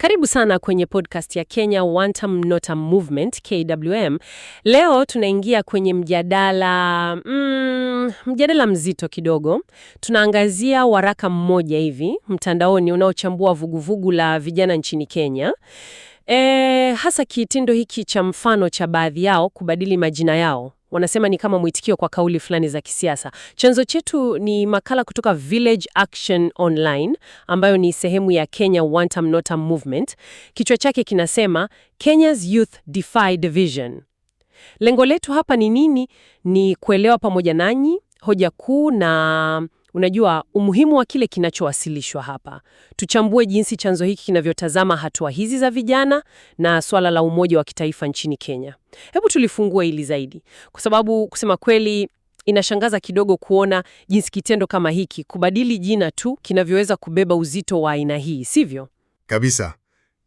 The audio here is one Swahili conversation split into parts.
Karibu sana kwenye podcast ya Kenya Wantam Notam Movement KWM. Leo tunaingia kwenye mjadala mm, mjadala mzito kidogo. Tunaangazia waraka mmoja hivi mtandaoni unaochambua vuguvugu la vijana nchini Kenya. E, hasa kitendo hiki cha mfano cha baadhi yao kubadili majina yao Wanasema ni kama mwitikio kwa kauli fulani za kisiasa. Chanzo chetu ni makala kutoka Village Action Online ambayo ni sehemu ya Kenya Wantam Notam Movement. Kichwa chake kinasema Kenya's Youth Defy Division. Lengo letu hapa ni nini? Ni kuelewa pamoja nanyi hoja kuu na Unajua umuhimu wa kile kinachowasilishwa hapa. Tuchambue jinsi chanzo hiki kinavyotazama hatua hizi za vijana na swala la umoja wa kitaifa nchini Kenya. Hebu tulifungue hili zaidi, kwa sababu kusema kweli inashangaza kidogo kuona jinsi kitendo kama hiki kubadili jina tu kinavyoweza kubeba uzito wa aina hii, sivyo? Kabisa,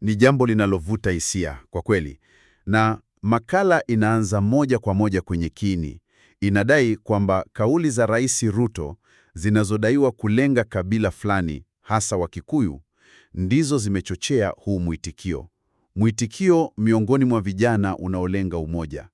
ni jambo linalovuta hisia kwa kweli, na makala inaanza moja kwa moja kwenye kini Inadai kwamba kauli za Rais Ruto zinazodaiwa kulenga kabila fulani, hasa Wakikuyu, ndizo zimechochea huu mwitikio. Mwitikio miongoni mwa vijana unaolenga umoja.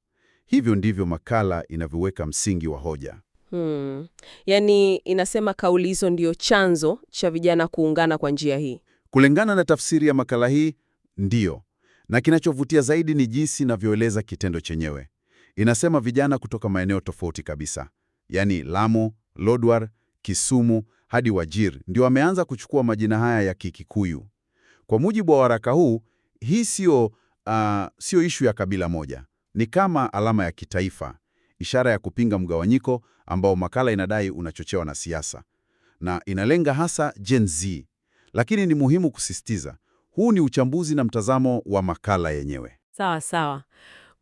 Hivyo ndivyo makala inavyoweka msingi wa hoja. Hmm. Yaani inasema kauli hizo ndiyo chanzo cha vijana kuungana kwa njia hii. Kulingana na tafsiri ya makala hii, ndiyo. Na kinachovutia zaidi ni jinsi inavyoeleza kitendo chenyewe. Inasema vijana kutoka maeneo tofauti kabisa, yaani Lamu, Lodwar, Kisumu hadi Wajir ndio wameanza kuchukua majina haya ya Kikikuyu. Kwa mujibu wa waraka huu, hii sio uh, sio ishu ya kabila moja, ni kama alama ya kitaifa, ishara ya kupinga mgawanyiko ambao makala inadai unachochewa na siasa na inalenga hasa Gen Z. Lakini ni muhimu kusisitiza, huu ni uchambuzi na mtazamo wa makala yenyewe. Sawa sawa.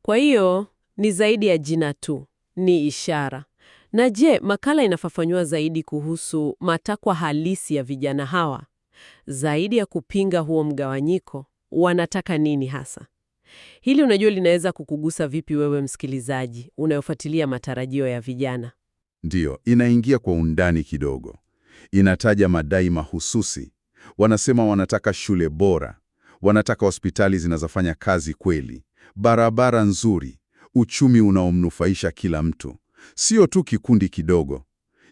Kwa hiyo ni zaidi ya jina tu, ni ishara. Na je, makala inafafanua zaidi kuhusu matakwa halisi ya vijana hawa? Zaidi ya kupinga huo mgawanyiko, wanataka nini hasa? Hili unajua linaweza kukugusa vipi wewe msikilizaji unayofuatilia matarajio ya vijana? Ndiyo, inaingia kwa undani kidogo. Inataja madai mahususi. Wanasema wanataka shule bora, wanataka hospitali zinazofanya kazi kweli, barabara nzuri, uchumi unaomnufaisha kila mtu sio tu kikundi kidogo.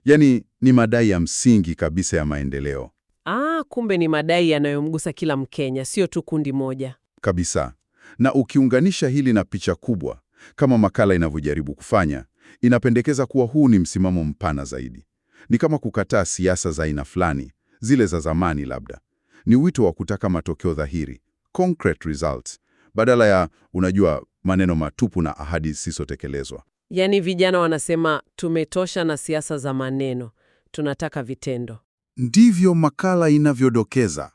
Yaani ni madai ya msingi kabisa ya maendeleo. Ah, kumbe ni madai yanayomgusa kila Mkenya, sio tu kundi moja kabisa. Na ukiunganisha hili na picha kubwa, kama makala inavyojaribu kufanya, inapendekeza kuwa huu ni msimamo mpana zaidi. Ni kama kukataa siasa za aina fulani, zile za zamani labda. Ni wito wa kutaka matokeo dhahiri, concrete results, badala ya unajua, maneno matupu na ahadi zisizotekelezwa. Yaani vijana wanasema tumetosha na siasa za maneno, tunataka vitendo. Ndivyo makala inavyodokeza.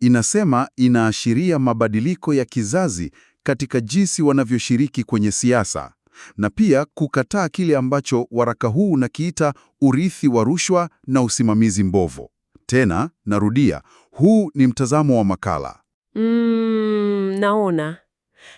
Inasema inaashiria mabadiliko ya kizazi katika jinsi wanavyoshiriki kwenye siasa na pia kukataa kile ambacho waraka huu unakiita urithi wa rushwa na usimamizi mbovu. Tena narudia, huu ni mtazamo wa makala. Mm, naona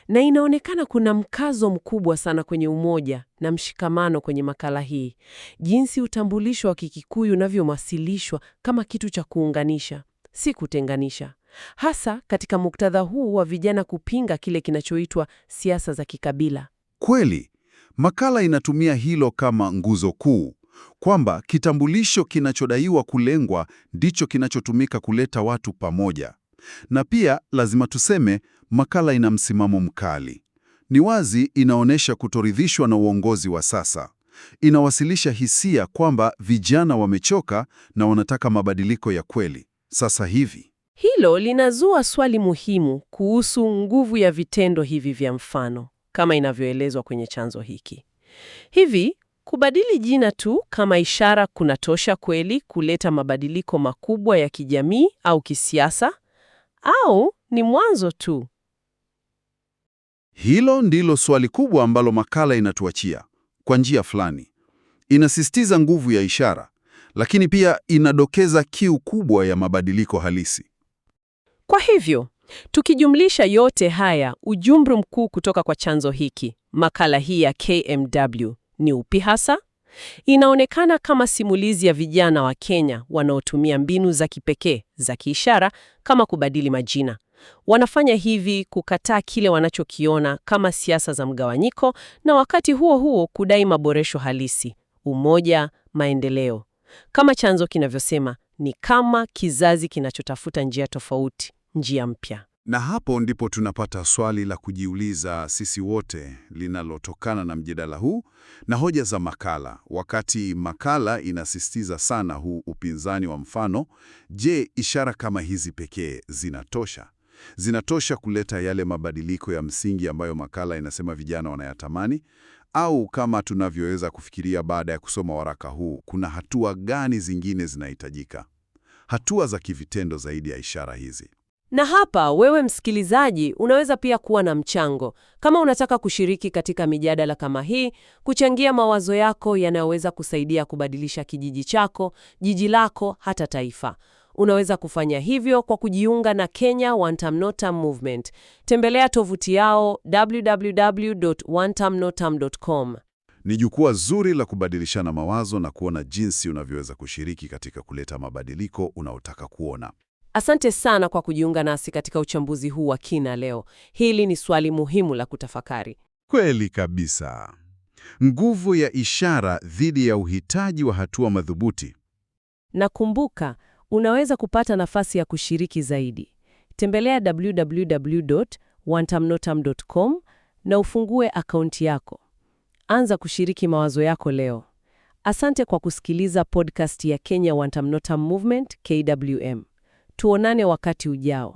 na inaonekana kuna mkazo mkubwa sana kwenye umoja na mshikamano kwenye makala hii, jinsi utambulisho wa Kikikuyu unavyowasilishwa kama kitu cha kuunganisha, si kutenganisha, hasa katika muktadha huu wa vijana kupinga kile kinachoitwa siasa za kikabila. Kweli, makala inatumia hilo kama nguzo kuu kwamba kitambulisho kinachodaiwa kulengwa ndicho kinachotumika kuleta watu pamoja. Na pia lazima tuseme, makala ina msimamo mkali. Ni wazi inaonyesha kutoridhishwa na uongozi wa sasa. Inawasilisha hisia kwamba vijana wamechoka na wanataka mabadiliko ya kweli sasa hivi. Hilo linazua swali muhimu kuhusu nguvu ya vitendo hivi vya mfano kama inavyoelezwa kwenye chanzo hiki. Hivi kubadili jina tu kama ishara kunatosha kweli kuleta mabadiliko makubwa ya kijamii au kisiasa? au ni mwanzo tu? Hilo ndilo swali kubwa ambalo makala inatuachia kwa njia fulani. Inasisitiza nguvu ya ishara, lakini pia inadokeza kiu kubwa ya mabadiliko halisi. Kwa hivyo, tukijumlisha yote haya, ujumbe mkuu kutoka kwa chanzo hiki, makala hii ya KMW, ni upi hasa? Inaonekana kama simulizi ya vijana wa Kenya wanaotumia mbinu za kipekee za kiishara kama kubadili majina. Wanafanya hivi kukataa kile wanachokiona kama siasa za mgawanyiko na wakati huo huo kudai maboresho halisi, umoja, maendeleo. Kama chanzo kinavyosema, ni kama kizazi kinachotafuta njia tofauti, njia mpya. Na hapo ndipo tunapata swali la kujiuliza sisi wote linalotokana na mjadala huu na hoja za makala. Wakati makala inasisitiza sana huu upinzani wa mfano, je, ishara kama hizi pekee zinatosha? Zinatosha kuleta yale mabadiliko ya msingi ambayo makala inasema vijana wanayatamani? Au kama tunavyoweza kufikiria baada ya kusoma waraka huu, kuna hatua gani zingine zinahitajika? Hatua za kivitendo zaidi ya ishara hizi. Na hapa wewe msikilizaji unaweza pia kuwa na mchango. Kama unataka kushiriki katika mijadala kama hii, kuchangia mawazo yako yanayoweza kusaidia kubadilisha kijiji chako, jiji lako, hata taifa. Unaweza kufanya hivyo kwa kujiunga na Kenya One Term No Term Movement. Tembelea tovuti yao www.onetermnoterm.com. Ni jukwaa zuri la kubadilishana mawazo na kuona jinsi unavyoweza kushiriki katika kuleta mabadiliko unaotaka kuona. Asante sana kwa kujiunga nasi katika uchambuzi huu wa kina leo. Hili ni swali muhimu la kutafakari. Kweli kabisa. Nguvu ya ishara dhidi ya uhitaji wa hatua madhubuti. nakumbuka unaweza kupata nafasi ya kushiriki zaidi. Tembelea www.wantamnotam.com na ufungue akaunti yako. Anza kushiriki mawazo yako leo. Asante kwa kusikiliza podcast ya Kenya Wantamnotam Movement KWM. Tuonane wakati ujao.